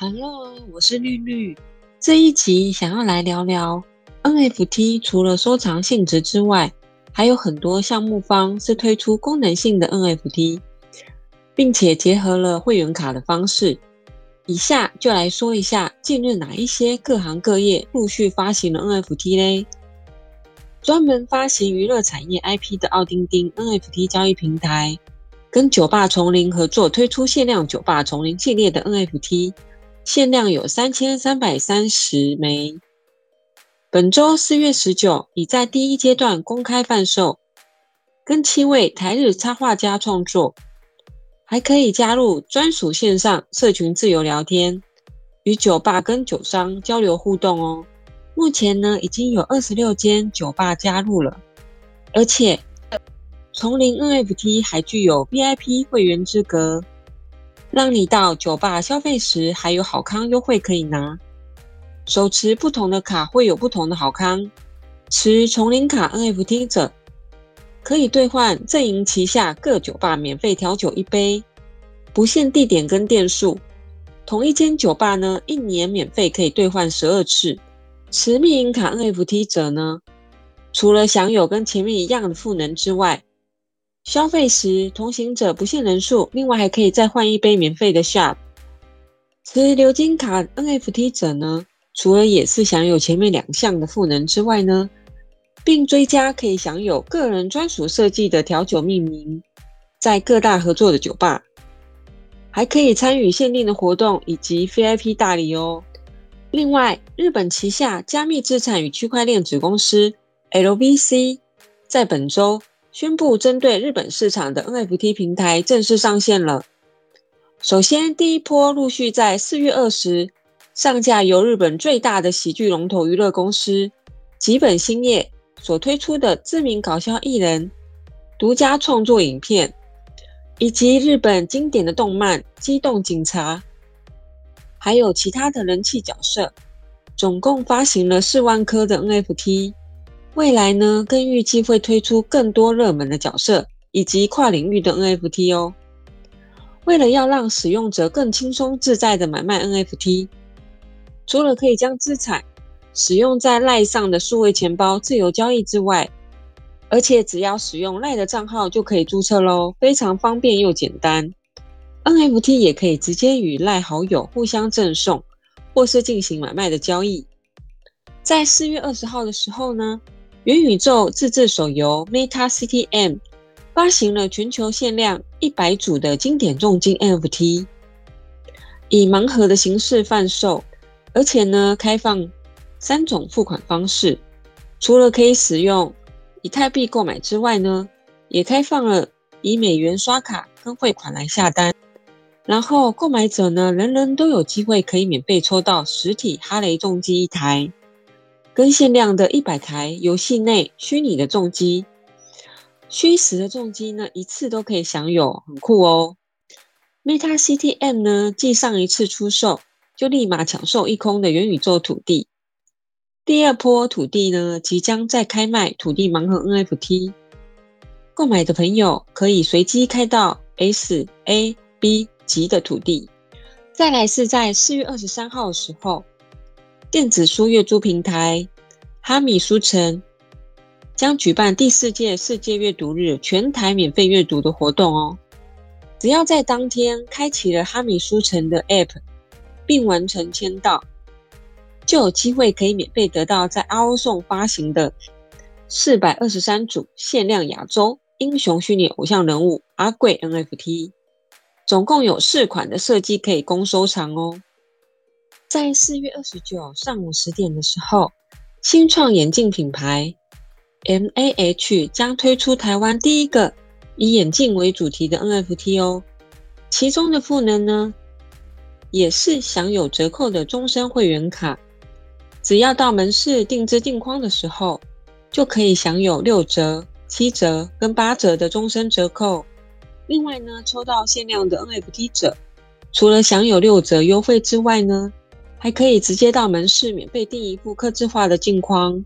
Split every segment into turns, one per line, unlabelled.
Hello，我是綠綠。這一集想要來聊聊 NFT，除了收藏性質之外，還有很多項目方是推出功能性的 NFT，並且結合了會員卡的方式。以下就來說一下近日哪一些各行各業陸續發行了 NFT 嘞。專門發行娛樂產業 IP 的奧丁丁 NFT 交易平台，跟酒吧叢林合作推出限量酒吧叢林系列的 NFT。限量有三千三百三十枚，本週四月十九已在第一階段公開販售，跟七位台日插畫家創作，還可以加入專屬線上社群自由聊天，與酒吧跟酒商交流互動哦。目前呢已經有二十六間酒吧加入了，而且叢林 NFT 還具有 VIP 會員資格。讓你到酒吧消費時，還有好康優惠可以拿。手持不同的卡會有不同的好康。持叢林卡 NFT 者可以兌換陣營旗下各酒吧免費調酒一杯，不限地點跟店數。同一間酒吧呢，一年免費可以兌換十二次。持密銀卡 NFT 者呢，除了享有跟前面一樣的賦能之外，消費時，同行者不限人數，另外還可以再換一杯免費的 shop。持鎏金卡 NFT 者呢，除了也是享有前面兩項的賦能之外呢，並追加可以享有個人專屬設計的調酒命名，在各大合作的酒吧，還可以參與限定的活動以及 VIP 大禮哦。另外，日本旗下加密資產與區塊鏈子公司 LVC 在本周。宣布針對日本市場的 NFT 平台正式上線了。首先，第一波陸續在四月二十上架由日本最大的喜劇龍頭娛樂公司吉本興業所推出的知名搞笑藝人獨家創作影片，以及日本經典的動漫《機動警察》，還有其他的人氣角色，總共發行了四萬顆的 NFT。未來呢，更預計會推出更多熱門的角色以及跨領域的 NFT 哦。為了要讓使用者更輕鬆自在的買賣 NFT，除了可以將資產使用在 LINE 上的數位錢包自由交易之外，而且只要使用 LINE 的賬號就可以註冊嘍，非常方便又簡單。NFT 也可以直接與 LINE 好友互相贈送或是進行買賣的交易。在四月二十號的時候呢。元宇宙自製手遊 Meta City M 發行了全球限量一百組的經典重機 NFT，以盲盒的形式販售，而且呢，開放三種付款方式，除了可以使用以太幣購買之外呢，也開放了以美元刷卡跟匯款來下單。然後購買者呢，人人都有機會可以免費抽到實體哈雷重機一台。跟限量的一百台遊戲內虛擬的重機，虛實的重機呢，一次都可以享有，很酷哦。MetaCityM 呢，繼上一次出售就立馬搶售一空的元宇宙土地，第二波土地呢，即將再開賣土地盲盒 N F T，購買的朋友可以隨機開到 S A B 級的土地。再來是在四月二十三號的時候，電子書閱讀平台哈米書城將舉辦第四屆世界閱讀日全台免費閱讀的活動哦！只要在當天開啟了哈米書城的 App，並完成簽到，就有機會可以免費得到在 OurSong 發行的四百二十三組限量亞洲英雄虛擬偶像人物阿貴 NFT，總共有四款的設計可以供收藏哦。在四月二十九上午十點的時候，新創眼鏡品牌 M A H 將推出台灣第一個以眼鏡為主題的 N F T 哦。其中的賦能呢，也是享有折扣的終身會員卡。只要到門市定制鏡框的時候，就可以享有六折、七折跟八折的終身折扣。另外呢，抽到限量的 N F T 者，除了享有六折優惠之外呢，還可以直接到門市免費定一副刻字化的鏡框，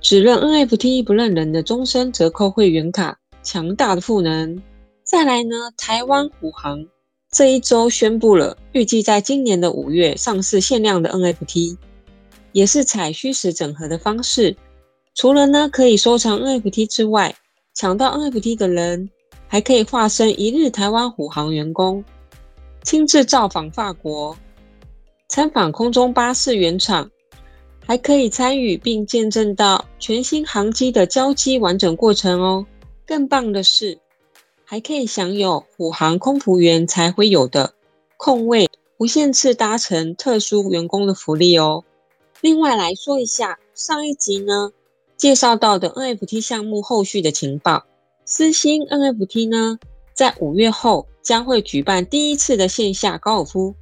只認 NFT 不認人的終身折扣會員卡，強大的賦能。再來呢，台灣虎行這一週宣佈了，預計在今年的五月上市限量的 NFT，也是採虛實整合的方式。除了呢可以收藏 NFT 之外，搶到 NFT 的人還可以化身一日台灣虎行員工，親自造訪法國。參訪空中巴士原廠，還可以參與並見證到全新航機的交機完整過程哦。更棒的是，還可以享有虎航空服員才會有的空位無限次搭乘特殊員工的福利哦。另外來說一下，上一集呢介紹到的 NFT 項目後續的情報，私心 NFT 呢在五月後將會舉辦第一次的線下高爾夫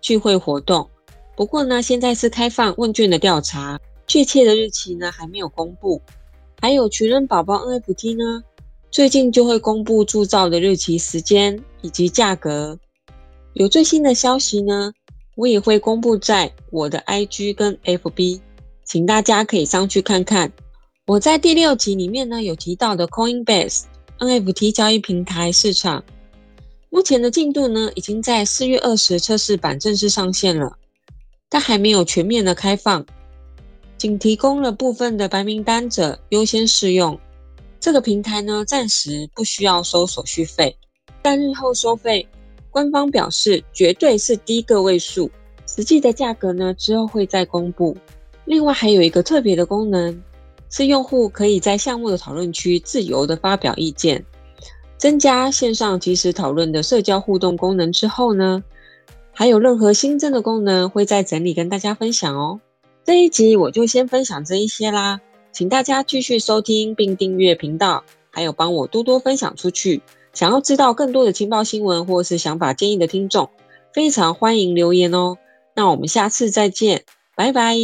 聚會活動。不過呢，現在是開放問卷的調查，確切的日期呢還沒有公布。還有群人寶寶 NFT 呢，最近就會公布鑄造的日期、時間以及價格。有最新的消息呢，我也會公布在我的 IG 跟 FB，請大家可以上去看看。我在第六集裡面呢有提到的 Coinbase NFT 交易平台市場，目前的進度呢已經在四月二十測試版正式上線了。但還沒有全面的開放，僅提供了部分的白名單者優先試用。這個平台呢，暫時不需要收手續費，但日後收費，官方表示絕對是低個位數，實際的價格呢，之後會再公布。另外還有一個特別的功能，是用戶可以在項目的討論區自由的發表意見，增加線上即時討論的社交互動功能，之後呢，還有任何新增的功能，會再整理跟大家分享哦。這一集我就先分享這一些啦，請大家繼續收聽並訂閱頻道，還有幫我多多分享出去。想要知道更多的情報新聞或是想法建議的聽眾，非常歡迎留言哦。那我們下次再見，拜拜。